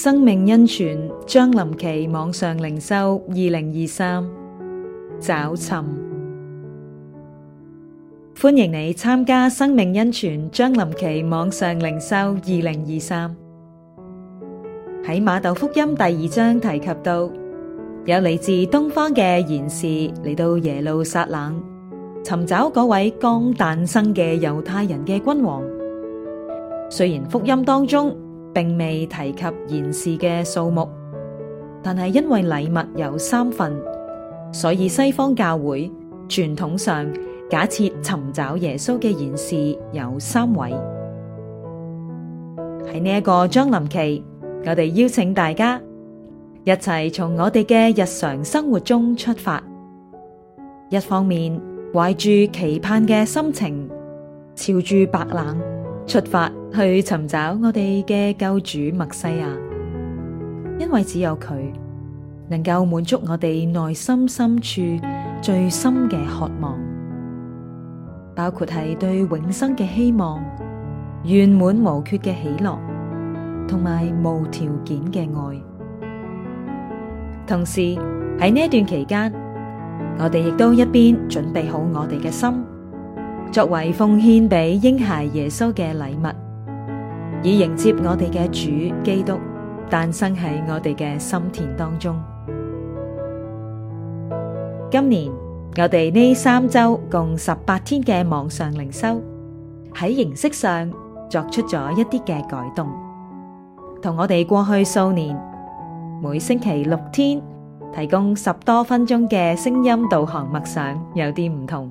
生命恩泉將臨期網上靈修二零二三。找尋。歡迎你參加生命恩泉將臨期網上靈修二零二三。喺馬竇福音第二章提及到，有嚟自東方嘅賢士嚟到耶路撒冷尋找嗰位剛誕生嘅猶太人嘅君王。雖然福音當中，並未提及賢士嘅數目，但係因為禮物有三份，所以西方教會傳統上假設尋找耶穌嘅賢士有三位。喺呢一個將臨期，我哋邀請大家一齊從我哋嘅日常生活中出發，一方面懷住期盼嘅心情，朝住白冷。出發去尋找我哋嘅救主默西亞，因為只有佢能夠滿足我哋內心深處最深嘅渴望，包括係對永生嘅希望、圓滿無缺嘅喜樂，同埋無條件嘅愛。同時喺呢一段期間，我哋亦都一邊準備好我哋嘅心。作為奉獻畀嬰孩耶穌嘅禮物，以迎接我哋嘅主基督，誕生喺我哋嘅心田當中。今年，我哋呢三周共十八天嘅網上靈修，喺形式上作出咗一啲嘅改動。同我哋過去數年，每星期六天，提供十多分鐘嘅聲音導航默想有啲唔同。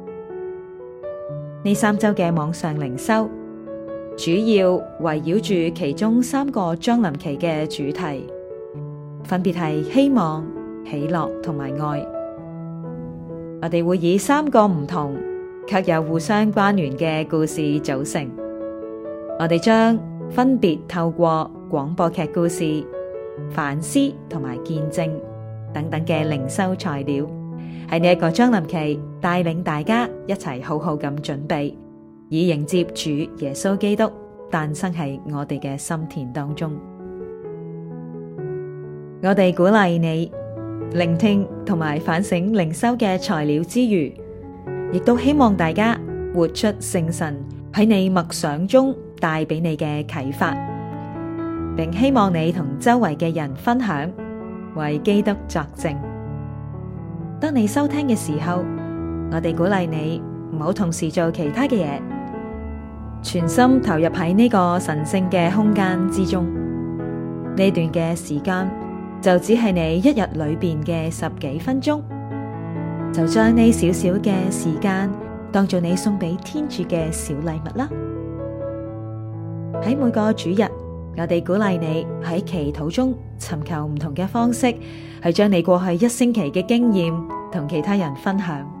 呢三週嘅網上靈修，主要圍繞住其中三個將臨期嘅主題，分別係希望、喜樂同埋愛。我哋會以三個唔同卻又互相關聯嘅故事組成。我哋將分別透過廣播劇故事、反思同埋見證等等嘅靈修材料，喺呢一個將臨期帶領大家。一齊好好咁準備，以迎接主耶穌基督誕生喺我哋嘅心田當中。我哋鼓勵你聆聽同埋反省靈修嘅材料之餘，亦都希望大家活出聖神喺你默想中帶俾你嘅啟發，並希望你同周圍嘅人分享，為基督作證。當你收聽嘅時候。我哋鼓勵你唔好同時做其他嘅嘢，全心投入喺呢個神聖嘅空間之中。呢段嘅時間就只係你一日裏邊嘅十幾分鐘，就將呢少少嘅時間當做你送俾天主嘅小禮物啦。喺每個主日，我哋鼓勵你喺祈禱中尋求唔同嘅方式，去將你過去一星期嘅經驗同其他人分享。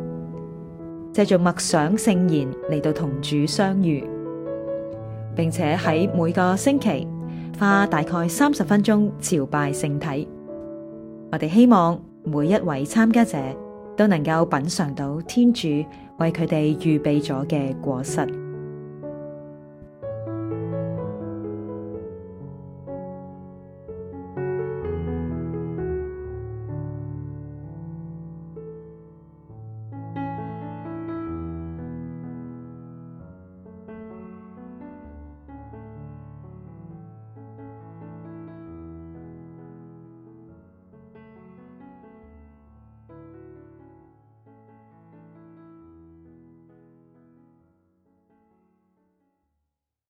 藉著默想聖言嚟到同主相遇，並且喺每個星期花大概三十分鐘朝拜聖體。我哋希望每一位參加者都能夠品嘗到天主為佢哋預備咗嘅果實。